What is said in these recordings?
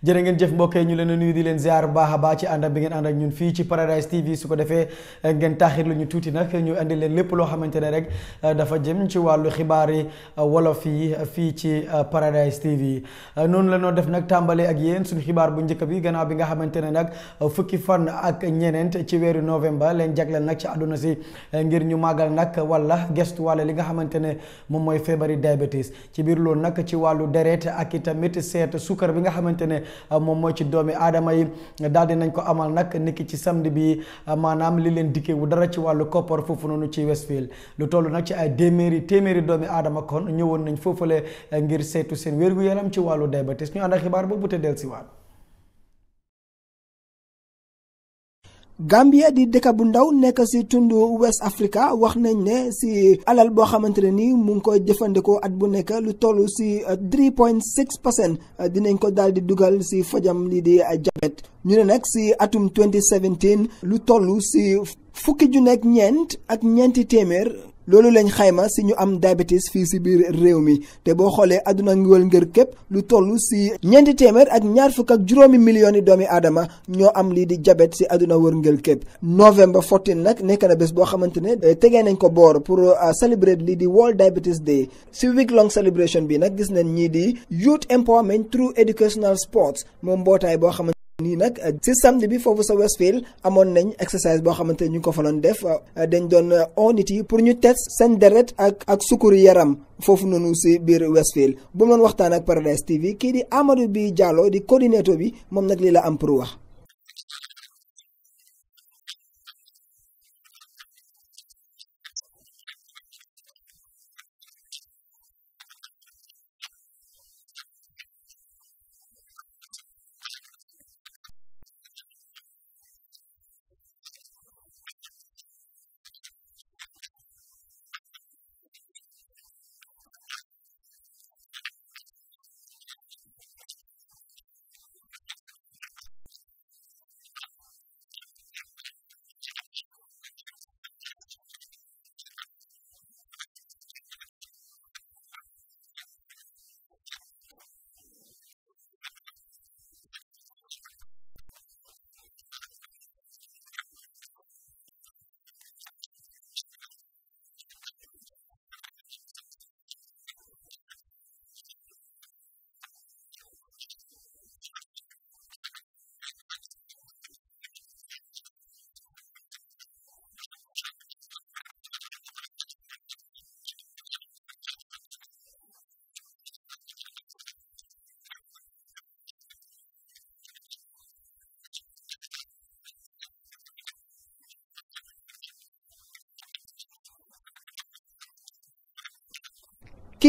jërë ngeen jëf mbokk yi ñu leen a nuyu di leen ziar baax a baax ci ànd bi ngeen ànd ñun fii ci Paradise TV su ko defee ngeen taaxir lu ñu tuuti nag ñu indi leen lépp loo xamante ne rek dafa jëm ci wàllu xibaari wolof yi fii ci Paradise TV noonu la noo def nag tàmbale ak yéen suñu xibaar bu njëkk bi gannaaw bi nga xamante ne nag fukki fan ak ñeneent ci weeru novembre leen jagleel nag ci àdduna si ngir ñu màggal nag wala gestu wàlla li nga xamante ne moom mooy feebari diabetes ci biir loolu nag ci wàllu deret ak itamit seet sukar bi nga xamante ne Ah, moom mooy ci doomi aadama yi daal di nañ ko amal nag niki ci samedi bi ah, maanaam li leen dikkee wu dara ci wàllu koppar foofu noonu ci Westfield lu toll nag ci ay téeméeri téeméeri doomi aadama kon ñëwoon nañ foofale ah, ngir saytu seen wér-gu-yaram ci wàllu diabetes ñu ànd ak xibaar boobu te dellusiwaat Gambia di dëkk bu ndaw nekk ci tund West Africa wax nañ ne ci alal boo xamante ne ni mu ngi koy jëfandikoo at bu nekk lu toll ci 3.6 percent euh, dinañ ko daal di dugal ci fajam lii di jabet ñu ne nag ci atum 2017 lu toll ci fukki junni ak ñeent ak ñeenti téeméer. lolu lañ xayma si ñu am diabetes fii si biir réew mi te boo xoolee aduna ngiwal ngër képp lu toll si ñenti téeméer ak ñaar fukk ak juróomi millions doomi aadama ñoo am lii di diabète si aduna wër ngër képp novembre 14 nag nekk na bés boo xamante ne eh, tegee nañ ko boor pour eh, celebrate lii di World Diabetes Day si week long celebration bi nag gis nañ ñii di youth empowerment through educational sports moom mbootaay boo xamante nii nag si euh, samedi bi foofu sa Westfield amoon nañ exercice boo xamante ñu ngi ko fa doon def euh, dañ doon euh, on yi pour ñu test seen deret ak ak sukkur yaram foofu noonu si biir Westfield bu moon waxtaan ak Paradise TV kii di Amadou bi jaaloo di coordinateur bi moom nag lii la am pour wax.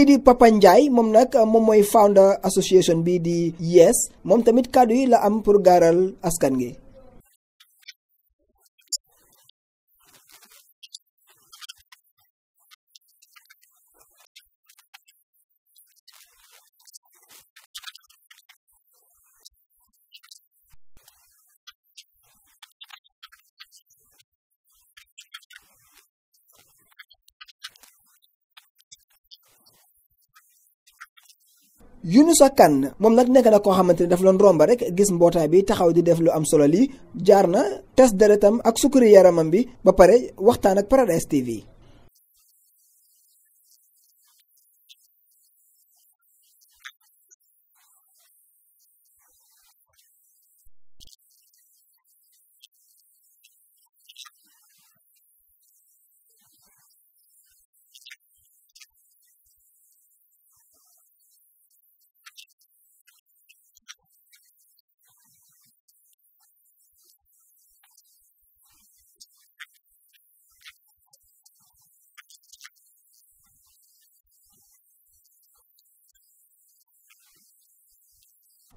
kii di Papa moom nag moom mooy founder association bi di YES moom tamit kàddu yi la am pour gaaral askan gi Yunusa Kan moom nag nekk na koo xamante ni daf loon romba rek gis mbootaay bi taxaw di def lu am solo lii jaar na test deretam ak sukkari yaramam bi ba pare waxtaan ak Paradise TV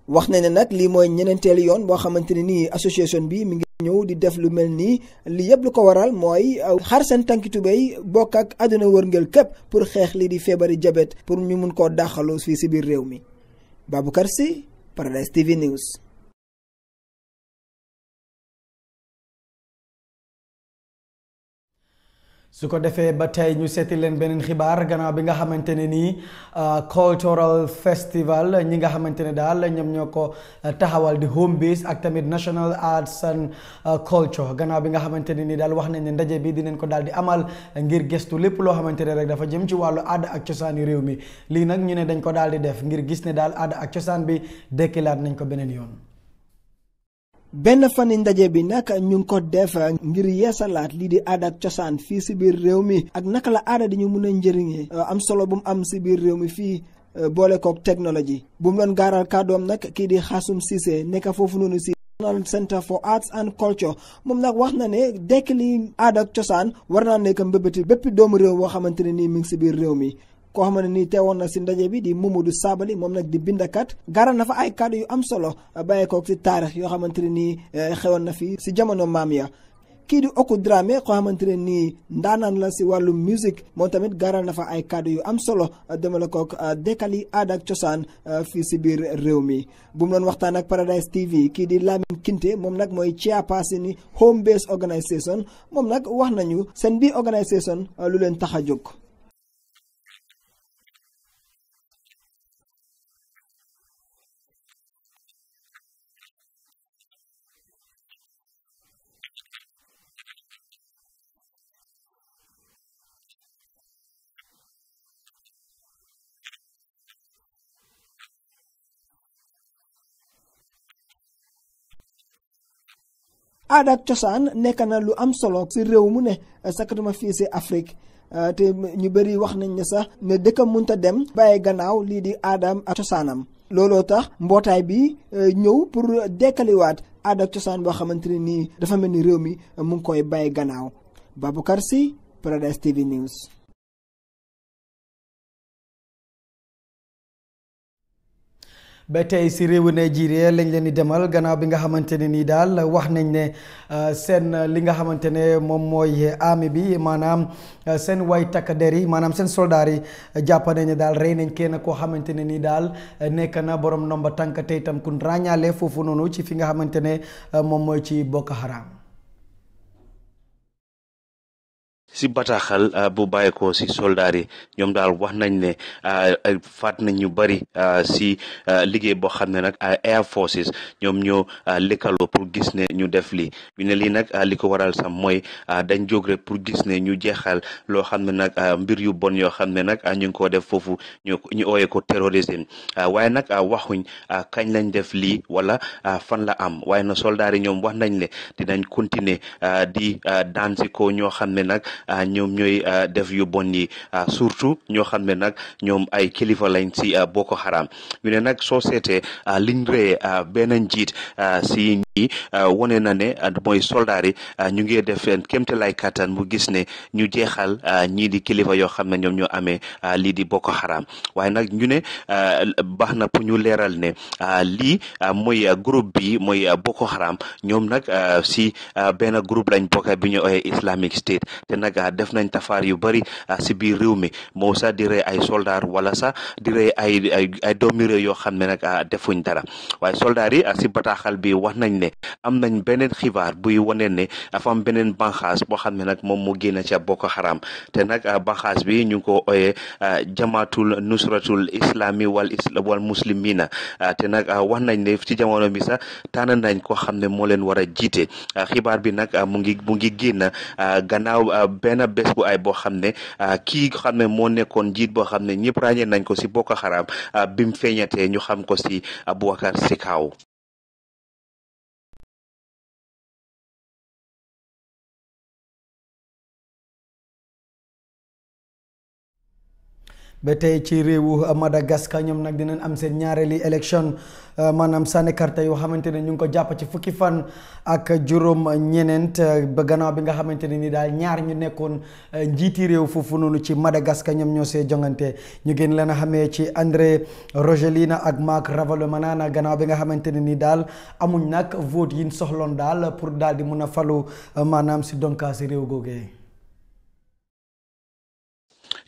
wax na ne nag lii mooy ñeneenteelu yoon boo xamante ne nii association bi mu ngi ñëw di def lu mel nii li yëpp lu ko waral mooy euh, xar seen tànki tubéy bokk ak àdduna wërngël képp pour xeex lii di feebari jabet pour ñu mun koo dàqalu fii si biir réew mi Babacar Sy Paradise TV News su ko defee ba tey ñu seeti leen beneen xibaar gannaaw bi nga xamante ne nii ah, cultural festival ñi nga xamante ne daal ñoom ñoo ko taxawal di home base ak tamit national arts and ah, culture gannaaw bi nga xamante ne nii daal wax nañ ne ndaje bi dinañ ko daal di amal ngir gëstu lépp loo xamante ne rek dafa jëm ci wàllu aada ak cosaani réew mi lii nag ñu ne dañ ko daal di def ngir gis ne daal aada ak cosaan bi dekkilaat nañ ko beneen yoon. benn fani ndaje bi nag ñu ngi ko def ngir yeesalaat lii di aada ak cosaan fii si biir réew mi ak naka la aada di ñu mun a njëriñee euh, am solo bu mu am si biir réew mi fii euh, boole kook technologie bu mu doon gaaral kàddoom nag kii di Xaasum Cissé nekk foofu noonu si National Center for Arts and Culture moom nag wax na ne dekk li aada ak cosaan war naa nekk mbébéti bépp doomu réew boo xamante ne nii mi ngi si biir réew mi ko xamane ni teewoon na si ndaje bi di mumudu Sabali mom nak di kat gara na fa ay yu am solo uh, baye ko ci tarikh yo xamanteni ni uh, xewon na fi si jamono mamia ya di Oku drame ko xamanteni ni ndanan la ci walu musique mo tamit gara na fa ay kàddu yu am solo uh, demale ko dekali dekali ciosan fi ci bir rewmi biir réew ak Paradise TV ki di Lamine Kinte nak moy chia passé ni home based organization mom nak wax nañu sen bi organisation lu len taxajuk aada cosaan nekk na lu am solo si réew mu ne sakkatuma fii si Afrique euh, te ñu bëri wax nañ ne sax ne dëkkam munta dem bàyyi gannaaw lii di aadam ak cosaanam looloo tax mbootaay bi euh, ñëw pour dekkaliwaat aada cosaan boo xamante ne nii dafa mel ni réew mi mu ngi koy bàyyi gannaaw Baboucar Sy Paradise TV News ba tey si réewu Nigeria lañ leen di demal gannaaw bi nga xamante ne nii daal wax nañ ne euh, seen euh, li nga xamante ne moom mooy armée bi maanaam euh, seen way takk der yi maanaam seen soldaar yi jàpp nañ daal rey nañ kenn koo xamante ne nii daal nekk na borom nomba tànk tey itam kun ràññaale foofu noonu ci fi nga xamante ne moom mooy ci bokk Haram. si bataaxal ah, bu bàyyeekoo si soldaar ñoom daal wax nañ ne ah, faat nañ ñu bëri ah, si liggéey boo xam ne nag air forces ñoom ñoo lëkkaloo pour gis ne ñu def lii ñu ne lii nag li ko waral sam mooy dañ jóg rek pour gis ne ñu jeexal loo xam ne nag mbir yu bon yoo xam ne nag ñu ngi def foofu ñu ñu ooyee ko terrorisme waaye nag waxuñ kañ lañ def lii wala fan la am waaye na soldaar ñoom wax nañ ne dinañ continuer di daan ko ñoo xam ne nag Ah, ñoom ñooy ah, def yu bon yi ah, surtout ñoo xam ne nag ñoom ay kilifa lañ si Boko Haram ñu ne nag soo seetee liñ ree benn njiit si ñi wone na ne mooy soldaar yi ñu ngi def kéemtalaay kattan mu gis ne ñu jeexal ñii di kilifa yoo xam ne ñoom ñoo amee lii di Boko Haram waaye nag ñu ne baax na pour ñu leeral ne lii mooy groupe bi mooy Boko Haram ñoom nag si benn groupe lañ bokka bi ñu ooyee Islamic State te nag nag def nañ tafaar yu bëri ah, si biir réew mi moo sax di rey ay soldaar wala sax di ay ay ay doomi yoo xam ne nag ah, defuñ dara waaye soldaar yi ah, si bataaxal bi wax nañ ne am nañ beneen xibaar buy wane ne dafa am beneen banxaas boo xam ne nag moom mu génn ca Boko Haram te nag banxaas bi ñu ngi ko ooyee jamaatul nusratul islami wal islam wal muslimina te nag wax nañ ne ci jamono bi sax tànn nañ koo xam ne moo leen war a xibaar bi nag mu ngi mu ngi génn gannaaw benn bés bu ay boo xam ne ah, kii xam ne moo nekkoon njiit boo xam ne ñëpp ràññee nañ ko si Boko Haram ah, bi mu feeñatee ñu xam ko si Aboubacar ah, Sekaw ba tey ci réewu Madagascar ñoom nag dinañ am seen ñaareeli élection euh, maanaam sànni carte yoo xamante ne ñu ngi ko jàpp ci fukki fan ak juróom ñeneent euh, ba gannaaw bi nga xamante ne nii daal ñaar ñu nekkoon euh, njiiti réew foofu noonu ci Madagascar ñoom ñoo see jongante ñu gën leen a xamee ci André Rajoelina ak Marc Ravalomanana gannaaw bi nga xamante ne ni daal amuñ nag vote yi soxloon daal pour daal mun a falu maanaam si donkaasi réew googee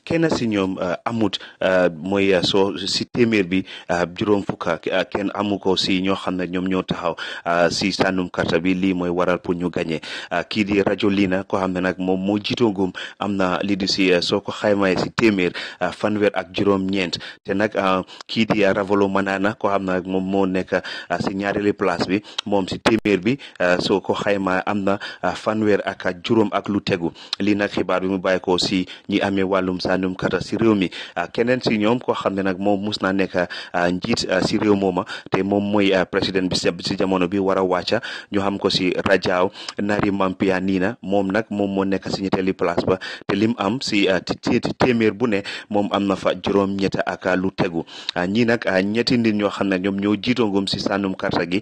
kenn si ñoom eh, amut eh, mooy eh, soo si téeméer bi juróom fukka kenn amu ko si ñoo xam ne ñoom ñoo taxaw si sànnum karta bi lii mooy waral pour ñu gagné kii di rajo lii na koo xam ne nag moom moo jiitoogum am na lii si soo ko xaymaay si téeméer fanweer ak juróom te nag kii di Ravolo Manana koo xam ne nag moom moo nekk si ñaareelu place bi moom si téeméer bi soo ko xayma am na fanweer ak juróom ak lu tegu lii xibaar bi mu bàyyi ko si ñi amee numkata si réew mi ah, keneen si ñoom koo xam ne nag moom mus naa nekk ah, njiit ah, si réew mooma te moom mooy président bi si jamono bi war a ño xam ko si Rajaaw Nari Mampia Nina moom nag moom moo nekk si ñetteeli place ba te lim am si téeméer bu ne moom am na fa juróom ñett ak lu tegu ñii nag ñetti nit ñoo xam ne ñoom ñoo jiitoongum si sànnum karta gi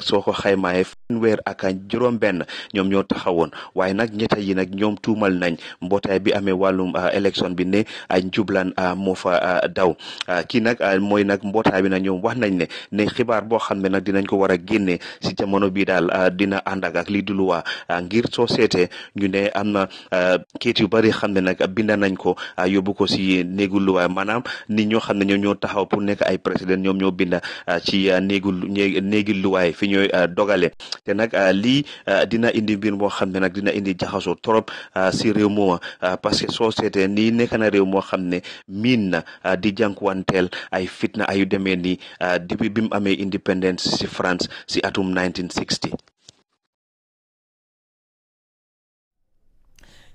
soo ko xaymaaye fanweer ak juróom benn ñoom ñoo taxawoon waaye nag ñetta yi nag ñoom nañ mbootaay bi amee wàllum élection bi ne njublan ah, moo fa ah, daw ah, kii nag mooy nag mbootaay bi nag ñoom wax nañ ne ne xibaar boo xam ne nag dinañ ko war a génne si jamono bii daal dina ànd ak lii di luwaa ngir soo seetee ñu ne am na kéet yu bari xam ne nag bind nañ ko a yóbbu ko si néegu luwaa maanaam ni ñoo xam ne ñoom ñoo taxaw pour nekk ay président ñoom ñoo binda ci néegu néegi luwaay fi ñooy dogale te nag lii dina indi mbir bo xam ne nag dina indi jaxasoo trop si réew mooma parce que soo réew moo xam ne miin na ah, di jànkuwanteel ay fitna ayu demee ni ah, depuis bi mu amee indépendance si France si atum 1960.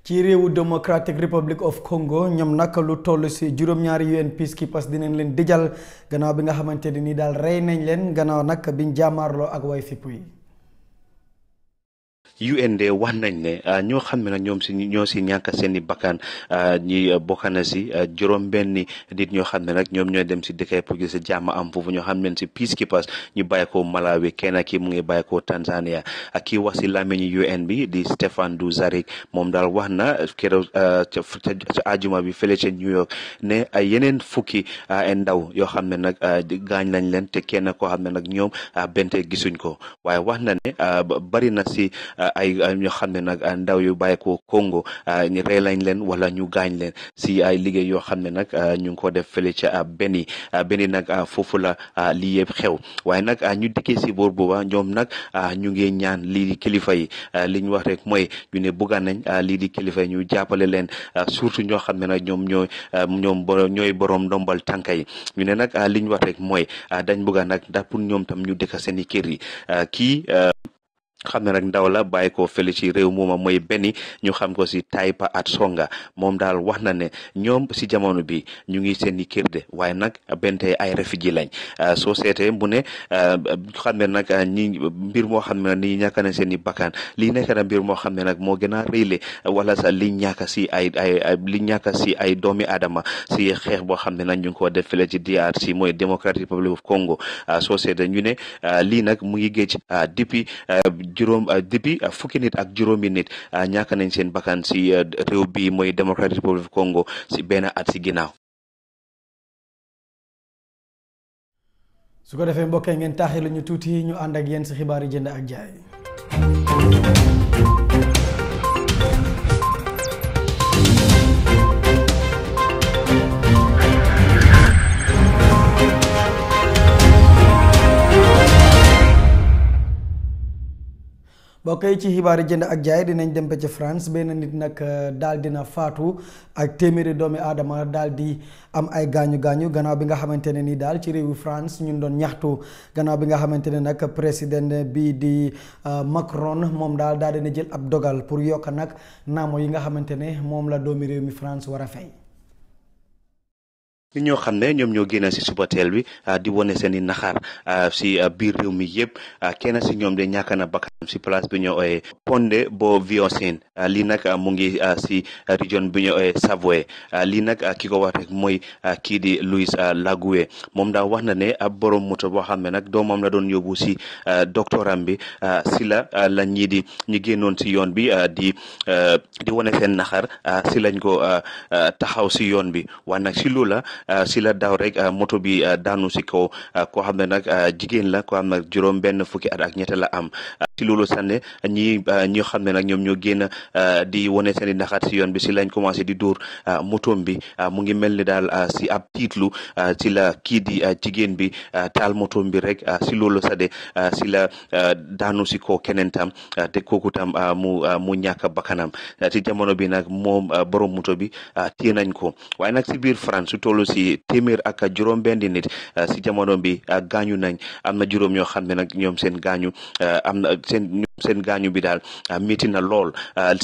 ci réewu Democratic Republic of Congo ñam nag lu toll ci juróom-ñaari UN peacekeepers dinañ leen dijal gannaaw bi nga xamante ne nii daal rey nañ leen gannaaw nag biñ jaamaarloo ak way fippu yi UND wax nañ ne ah, ñoo xam ne nag ñoom si ñoo si ñàkk seen i bakkan ah, ñi ah, bokk na si juróom-benni nit ñoo xam ne nag ñoom ñooy dem si dëkkay pour gis jàmm am foofu ñoo xam ne si peacekeepers ñu bàyyi ko Malawi kenn ki mu ngi bàyyi ko Tanzania ak kii wax si làmmiñu UN bi di du Dujarric moom daal wax na keroog ca ajuma bi fële ca New York ne ay yeneen fukki ndaw yoo xam ne nag gaañ lañ leen te kenn ko xam ne nag ñoom bente gisuñ ko waaye wax na ne bari na si. ay ñoo xam ne nag ndaw yu bàyyeekoo Congo ñu rey lañ leen wala ñu gaañ leen si ay liggéey yoo xam ne nag ñu ngi ko def fële ca ah, Beni ah, Beni nag ah, foofu la lii yëpp xew waaye nag ñu dikkee si boor booba ñoom nag ñu ngi ñaan lii di kilifa yi li ñu wax rek mooy ñu ne bugga nañ lii di kilifa ñu jàppale leen surtout ñoo xam ne nag ñoom ñooy ñoom ñooy borom ndombal tànka yi ñu ne nag li ñu wax rek mooy dañ bugga nag ndax pour ñoom tam ñu dëkk seen kër yi kii xam ne nag ndaw la bàyyi ko fële ci réew mooma mooy benni ñu xam ko si Taipa at Songa moom daal wax na ne ñoom si jamono bi ñu ngi seen i kër de waaye nag benn tey ay réfugié lañ ah, soo seetee mu ne ah, xam ne nag ah, ñi mbir moo xam ne ni ñàkk na seen i bakkan lii nekk na mbir moo xam ne nag moo gën a rëyle wala sa li ñàkk si ay ay li ñàkk si ay doomi aadama si xeex boo xam ne nag ñu ngi ko def fële ci DRC mooy Democratic Republic of Congo soo seetee ñu ne lii nag mu ngi géej depuis. juróom euh, depuis fukki nit ak juróomi nit euh, ñàkk nañ seen bakkan si euh, réew bi mooy Democratic Republic of Congo si benn at si ginnaaw. su ko defee mbokkee ngeen taaxi lu ñu tuuti ñu ànd ak yéen si xibaar yi jënd ak jaay. mbokk ci xibaar xibaari jënd ak jaay dinañ dem ba ci France benn nit nag euh, daal dina faatu ak téeméeri doomi aadama daal di am ay gaañu gaañu gannaaw bi nga xamante ne ni daal ci réewu France ñun doon ñaxtu gannaaw bi nga xamante ne nag président bi di euh, Macron moom daal daal dina jël ab dogal pour yokk nag naamo yi nga xamante ne moom la doomi réew mi France war a fay. ñoo xam ne ñoom ñoo génn si suba bi ah, di wane seen i naxaar ah, si ah, biir réew mi yëpp kenn si ñoom de ñàkk na bakkanam si place bi ñu ooyee Ponde bo Viosen lii nag mu ngi si région bi ñu ooyee Savoie lii nag ki ko wax mooy kii di Louis Lagoue moom daa wax na ne ab borom moto boo xam ne nag doomam la doon yóbbu si doctoram bi si la la ñii di ñu génnoon si yoon bi di di wane seen naxar si lañ ko taxaw si yoon bi wana nag si loola Euh, si la daw rek euh, moto bi euh, daanu si kaw koo xam ne nag jigéen la ko xam ne juróom benn fukki at ak ñett la am si loolu sànne ñi ñoo xam ne nag ñoom ñoo génn di wane seen i naxaat si yoon bi si lañ commencé di dóor motoom bi mu ngi mel ni daal si ab tiitlu si la kii di jigéen bi taal motoom bi rek si loolu sade si la daanu si kaw keneen tam te kooku tam mu mu ñàkk bakkanam si jamono bi nag moom borom moto bi téye nañ ko waaye nag si biir France su tollu si téeméer ak juróom-benn nit ah, si jamono bi ah, gaañu nañ am na juróom ñoo xam ne nag ñoom seen gaañu ah, am na seen gaañu bi daal métti na lool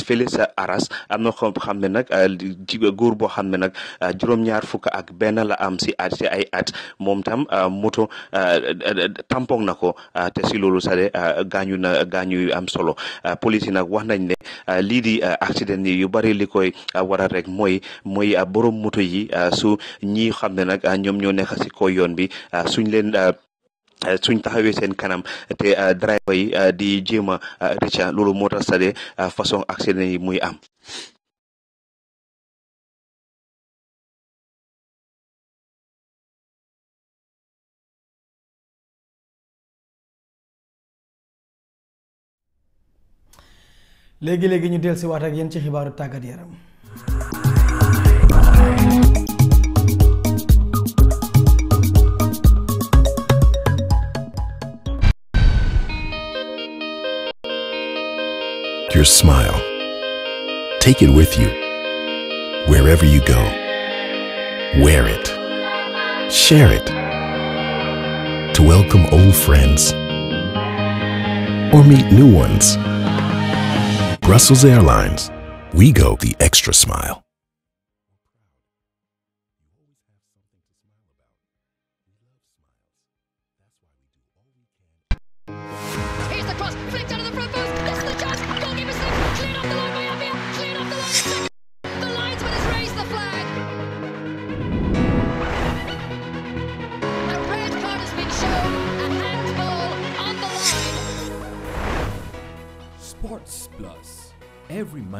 fële sa aras am na ko xam ne nag ji góor boo xam ne nag juróom-ñaar fukk ak benn la am si at si ay at moom tam moto tampon na ko te si loolu sax de gaañu na gaañu am solo police yi nag wax nañ ne lii di accident yu bari li koy waral rek mooy mooy borom moto yi su ñi xam ne nag ah, ñoom ñoo nekk si kaw yoon bi ah, suñ leen ah, suñ taxawee seen kanam te driver yi di jéema a rëcca loolu moo tax sade façon accident yi muy am léegi-léegi ñu dellusiwaat ak yéen ci xibaaru tàggat yaram your smile. Take it with you, wherever you go. Wear it. Share it. To welcome old friends or meet new ones. Brussels Airlines, we go the extra smile.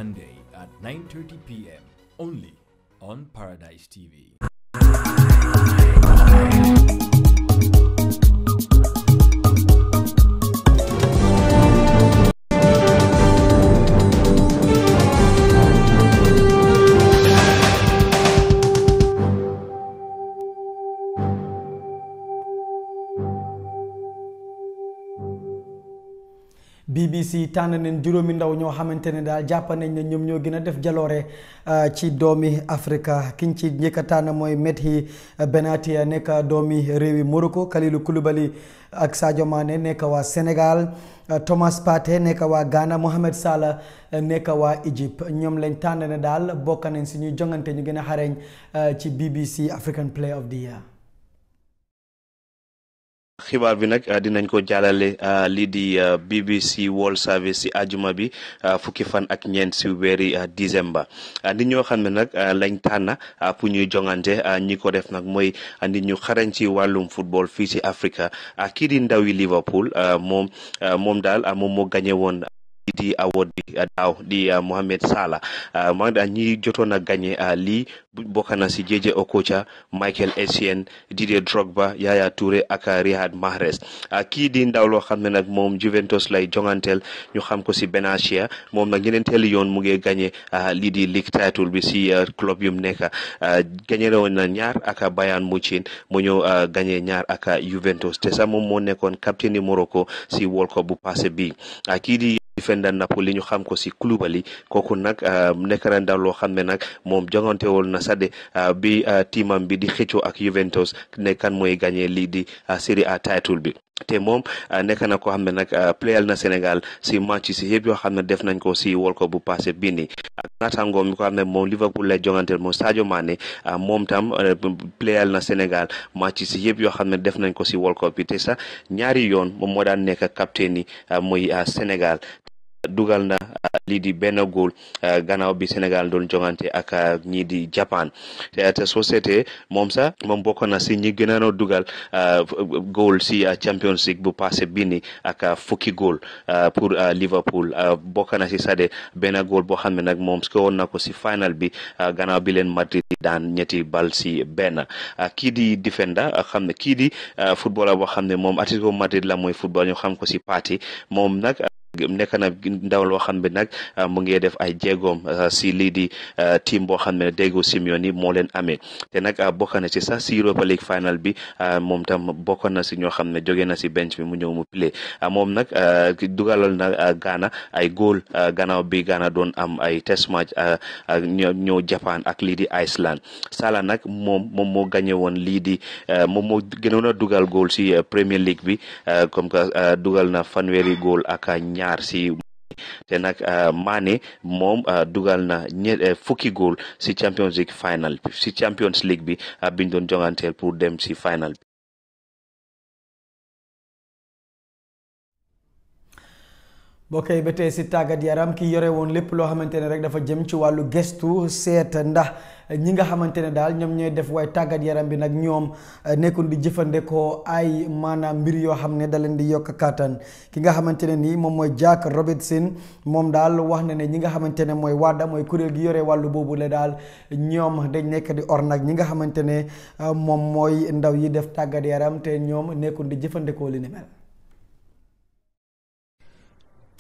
Monday at 9.30 p.m. only on Paradise TV. BBC tànn nañ juróomi ndaw ñoo xamante ne daal jàpp nañ ne ñoom ñoo gën a def jaloore euh, ci doomi Afrika ki ñu ci njëkk a tànn mooy Methi Benatia nekk doomi réewi Morocco Kalilou Koulibaly ak Sadio Mané nekk waa Sénégal euh, Thomas Partey nekk waa Ghana Mohamed Salah euh, nekk waa Égypte ñoom lañ tànn ne daal bokk nañ si ñuy jongante ñu gën a xareñ ci BBC African Player of the Year. xibaar bi nag ah, dinañ ko jàllale ah, lii di ah, BBC World Service si ajuma bi fukki fan ak ñeent si weeri décembre nit ñoo xam ne nag lañ tànn pour ñuy jongante ñi ko def nag mooy nit ñu xarañ ci wàllum football fii Africa kii di ndaw yi Liverpool moom moom daal a moo gañe woon di award uh, bi uh, daaw di uh, Mohamed Salah maa ngi ñi jotoon a gagné lii bokk na si J.J. Okocha Michael Essien Didier Drogba Yaya Touré ak Riyad Mahrez kii di ndaw loo xam ne nag moom Juventus lay jonganteel ñu xam ko si Benfica moom nag ñeneenteelu yoon mu gañe gagné lii di league title bi si club yum nekk gagné woon na ñaar ak Bayern Munich mu ñëw gagné ñaar ak Juventus te sax moom moo nekkoon capitaine Morocco si World Cup bu passé bi kii defender na li ñu xam ko si Koulibaly kooku nag euh, nekk na loo xam ne nag moom jongante woon na sade euh, bi euh, tiimam bi di xëccoo ak Juventus ne kan mooy gagné lii di Serie A title bi. te moom nekk na ko xam ne nag playal na Sénégal si match si yëpp yoo xam ne def nañ ko si World Cup bu passé bii ak naataangoo mi ko xam ne moom Liverpool lay jonganteel Sadio Mané moom tam playal na Sénégal match si yëpp yoo xam ne def nañ ko si World Cup bi te sax ñaari yoon moom moo daan nekk capitaine yi muy Sénégal dugal na uh, lii di benn góol uh, gannaaw bi Sénégal doon jongante ak uh, ñii di Japan te soo seetee moom sax moom bokk na si ñi gën dugal góol si Champions League bu passé bii nii ak fukki góol pour Liverpool bokk na si sade benn góol boo xam ne nag moom score woon na ko si final bi ganaaw bi leen Madrid daan ñetti bal si benn kii di defender xam ne kii di footballer boo xam ne moom Atletico Madrid la mooy football ñu xam ko si parti moom nag nekk na ndaw loo xam ne nag ah, mu ngi def ay jéegoom ah, si lii di ah, team boo xam ne Diego Simeone moo leen amee te nag bokk na si sax si Europa League final bi moom tam bokk na si ñoo xam ne jóge na si bench bi mu ñëw mu play moom nag dugalal na Ghana ay góol gannaaw bi Ghana doon am ay test match ñëw Japan ak lii di Iceland sala nag moom moom moo gagné woon lii di moom moo gënoon a dugal góol si Premier League bi comme dugal na fanweeri góol ak ñaar ñaar te nag euh, Mané moom euh, dugal na euh, fukki góol ci Champions League final bi Champions League bi biñ doon jonganteel pour dem ci final bi. bokk ba tey si tàggat yaram ki yore woon lépp loo xamante ne rek dafa jëm ci wàllu gestu seet ndax. ñi nga xamante ne daal ñoom ñooy def waaye tàggat yaram bi nag ñoom eh, nekkul di jëfandikoo ay maanaam mbir yoo xam ne da leen di yokk kàttan ki nga xamante ne nii moom mooy Jack Robertson moom daal wax na ne ñi nga xamante ne mooy WADA mooy kuréel gi yore wàllu boobu la daal ñoom dañ nekk di or nag ñi nga xamante ne eh, moom mooy ndaw yi def tàggat yaram te ñoom nekkul di jëfandikoo li ni mel.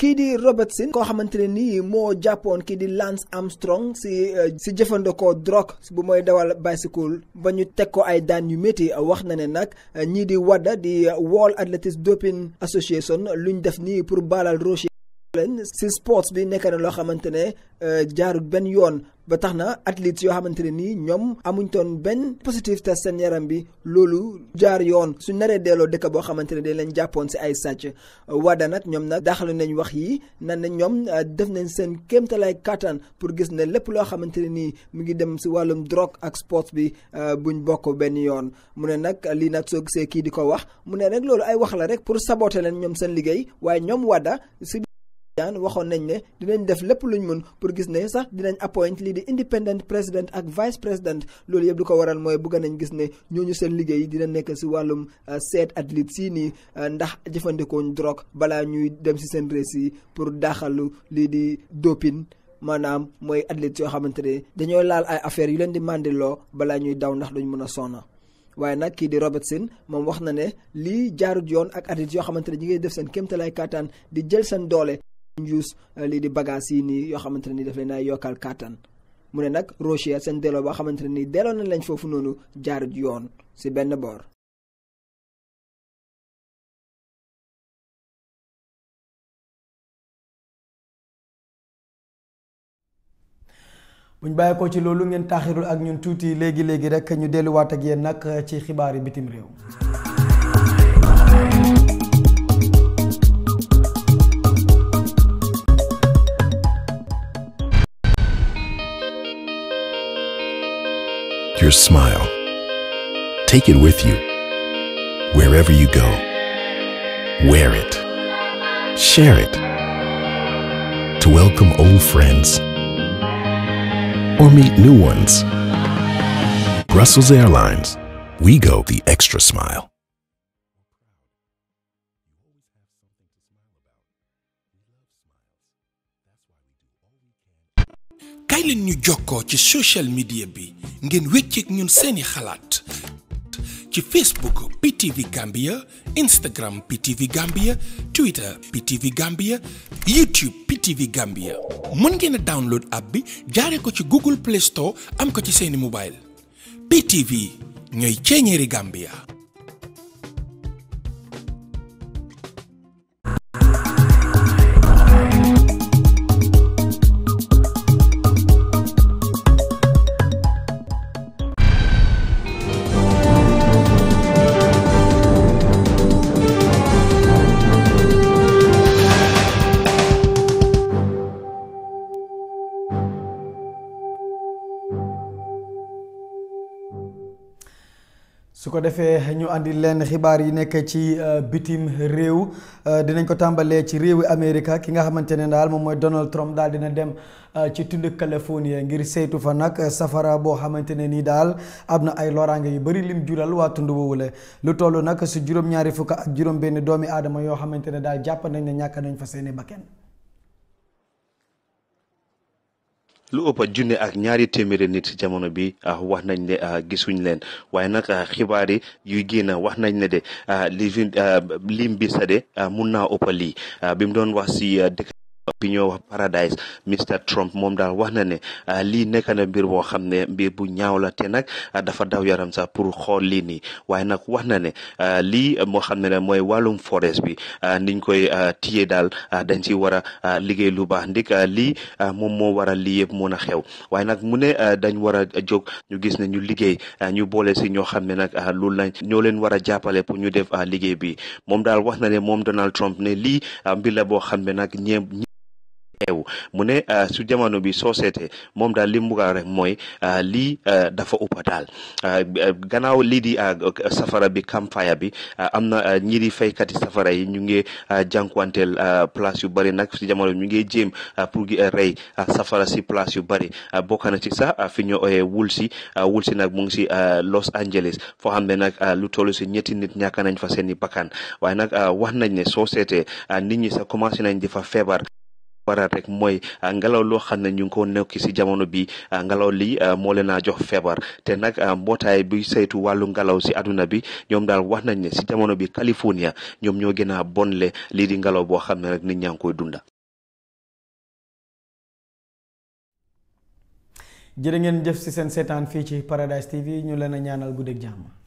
kii di Robertson koo xamante ne nii moo jàppoon kii di Lance Armstrong si euh, si jëfandikoo drogue bu mooy dawal bicycle ba ñu teg ko ay daan yu métti wax na ne nag euh, ñii di WADA di euh, World Athletics Doping Association ñu def nii pour baalal Roche leen si sports bi nekk na loo xamante ne euh, jaarut benn yoon ba tax na athlètes yoo xamante ne nii ñoom amuñ toon benn positif test seen yaram bi loolu jaar yoon su naree delloo dëkk boo xamante ne dañ leen jàppoon si ay sàcc waada nag ñoom nag daxalu nañ wax yi nan na ñoom euh, def nañ seen kéemtalaay kàttan pour gis ne lépp loo xamante ne nii mu ngi dem si wàllum drogue ak sports bi euh, buñ bokk benn yoon mu ne nag lii nag soo gisee kii di ko wax mu ne rek loolu ay wax la rek pour saboter leen ñoom seen liggéey waaye ñoom wadda si daan waxoon nañ ne dinañ def lépp luñ mun pour gis ne sax dinañ appoint lii di independent president ak vice president loolu yëpp du ko waral mooy bugg nañ gis ne ñooñu seen liggéey dina nekk si wàllum euh, seet athlète sii nii euh, ndax jëfandikooñ drog balaa ñuy dem si seen récit yi pour daaxalu lii di dopine maanaam mooy athlète yoo xamante ne dañoo laal ay affaire yu leen di mandiloo balaa ñuy daw ndax duñ mën a sonna waaye nag kii di robertson moom wax na ne lii jaarut yoon ak athlète yoo xamante ne ñi ngay def seen kéemtalaay kaataan di jël seen doole njuus eh, lii di bagage yi yoo xamante ne ni daf leen a yokkal kàttan mu ne nag Rochia seen delloo boo xamante ne ni delloo nañ lañ foofu noonu jaarut yoon ci benn boor. buñ bàyyi ci loolu ngeen taaxirul ak ñun tuuti léegi léegi rek ñu delluwaat ak yéen nag ci xibaari bitim réew. your smile. Take it with you, wherever you go. Wear it. Share it. To welcome old friends or meet new ones. Brussels Airlines, we go the extra smile. kaay ñu jokkoo ci social media bi ngeen wécceek ñun seeni xalaat ci Facebook PTV Gambia Instagram PTV Gambia Twitter PTV Gambia YouTube PTV Gambia mën ngeen a download app bi jaaree ko ci Google Play Store am ko ci seeni mobile PTV ñooy ceeñeeri Gambia. ko defee ñu andi lenn xibaar yi nekk ci euh, bitim réew euh, dinañ ko tàmbalee ci réewi Amérique ki nga xamante ne daal moom mooy Donald Trump daal dina dem euh, ci tund Californie ngir saytu fa nag safara boo xamante ne nii daal am na ay loraange yu bari lim jural waa tund woowule lu toll nag si juróom-ñaari fukk ak juróom-benn doomi aadama yoo xamante ne daal jàpp nañ ne ñàkk nañ fa seeni bakkan lu ëpp junne ak ñaari téeméeri nit jamono bi ah, wax nañ ne ah, gisuñ leen waaye nag ah, xibaar yi yuy génn wax nañ ne de li lim bi sa de mun naa ëpp lii bi mu doon wax si dëkk bi ñoo wax Paradise Mr Trump moom daal wax na ne ah, lii nekk na mbir boo xam ne mbir bu ñaaw la te nag ah, dafa daw yaram sax pour xool lii nii waaye nag wax na ne ah, lii moo xam ne ne mooy wàllum forest bi niñ koy tiye daal dañ ci war a liggéey lu baax ndik lii moom moo war a lii moon a xew waaye nag mu ne dañ war a jóg ñu gis ne ñu liggéey ñu boole si ñoo xam ne nag loolu lañ ñoo leen war a jàppale pour ñu def liggéey bi moom daal wax na ne moom Donald Trump ne lii mbir la boo xam ne nag ñeem xew mu ne euh, su jamono bi soo seetee moom daal li mu bëgg rek mooy euh, lii euh, dafa uppa daal gannaaw lii di safara bi campfire bi am na ñi di faykati safara yi ñu ngi jànkuwanteel place yu bari nag si jamono bi ñu ngi jéem pour rey safara si place yu bari bokk na ci sax fi ñu ooyee Woolsey Woolsey nag mu si Los Angeles foo xam ne nag lu toll si ñetti nit ñàkk nañ fa seeni bakkan waaye nag wax nañ ne soo seetee nit ñi sax commencé nañ di fa feebar waral rek mooy ah, ngelaw loo xam ne ñu ngi ko nekk si jamono bi ah, ngelaw li ah, moo leen jox feebar te nag mbootaay bi saytu wàllu ngelaw ci àdduna bi ñoom daal wax nañ ne si jamono bi California ñoom ñoo gën a bonle lii di ngelaw boo xam ne rek ni ñaa ngi koy dunda jërë jëf si seen seetaan fii ci Paradise TV ñu leen a ñaanal guddeeg jàmm